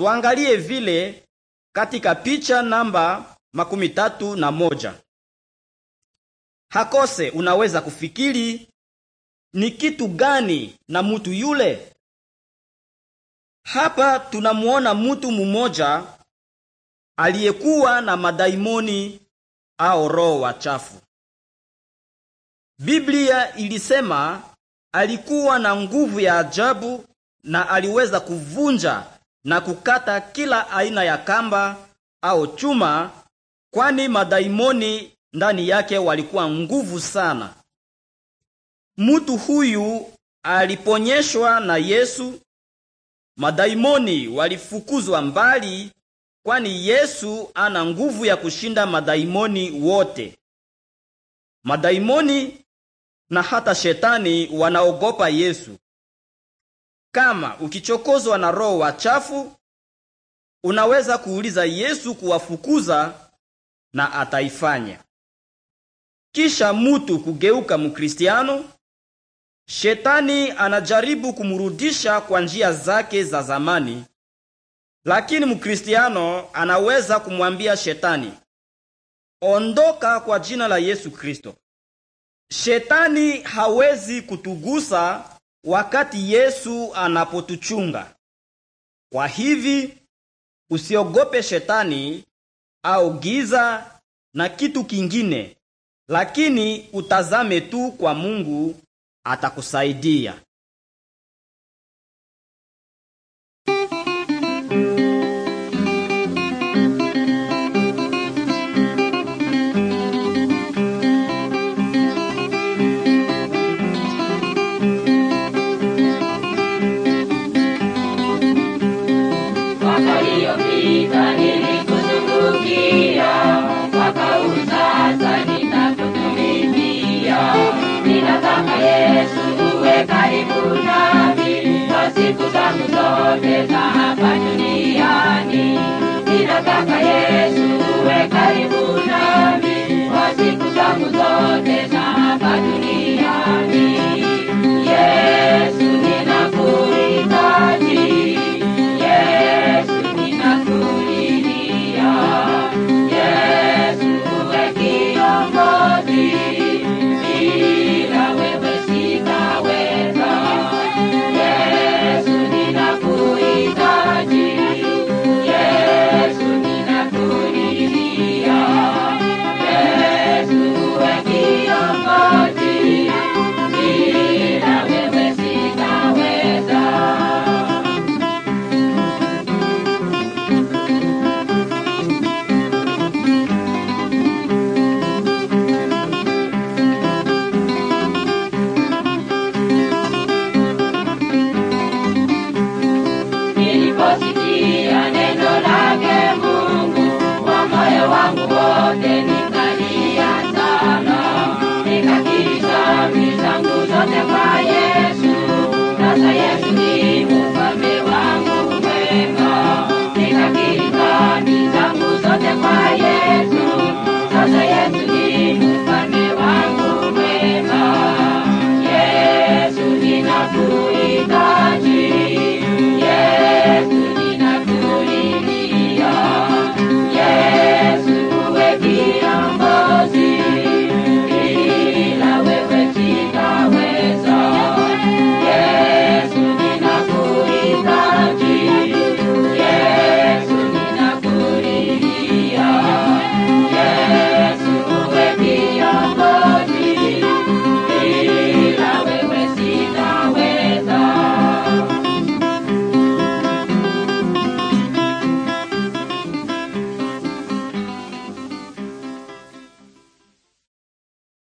Tuangalie vile katika picha namba makumi tatu na moja. Hakose unaweza kufikiri ni kitu gani na mtu yule. Hapa tunamuona mtu mmoja aliyekuwa na madaimoni au roho wachafu. Biblia ilisema alikuwa na nguvu ya ajabu na aliweza kuvunja na kukata kila aina ya kamba au chuma, kwani madaimoni ndani yake walikuwa nguvu sana. Mtu huyu aliponyeshwa na Yesu, madaimoni walifukuzwa mbali, kwani Yesu ana nguvu ya kushinda madaimoni wote. Madaimoni na hata shetani wanaogopa Yesu kama ukichokozwa na roho wachafu unaweza kuuliza Yesu kuwafukuza na ataifanya. Kisha mutu kugeuka Mkristiano, shetani anajaribu kumrudisha kwa njia zake za zamani, lakini Mkristiano anaweza kumwambia shetani, ondoka kwa jina la Yesu Kristo. Shetani hawezi kutugusa wakati Yesu anapotuchunga. Kwa hivi usiogope shetani au giza na kitu kingine, lakini utazame tu kwa Mungu, atakusaidia. siku zangu zote za hapa duniani ninataka Yesu Bye.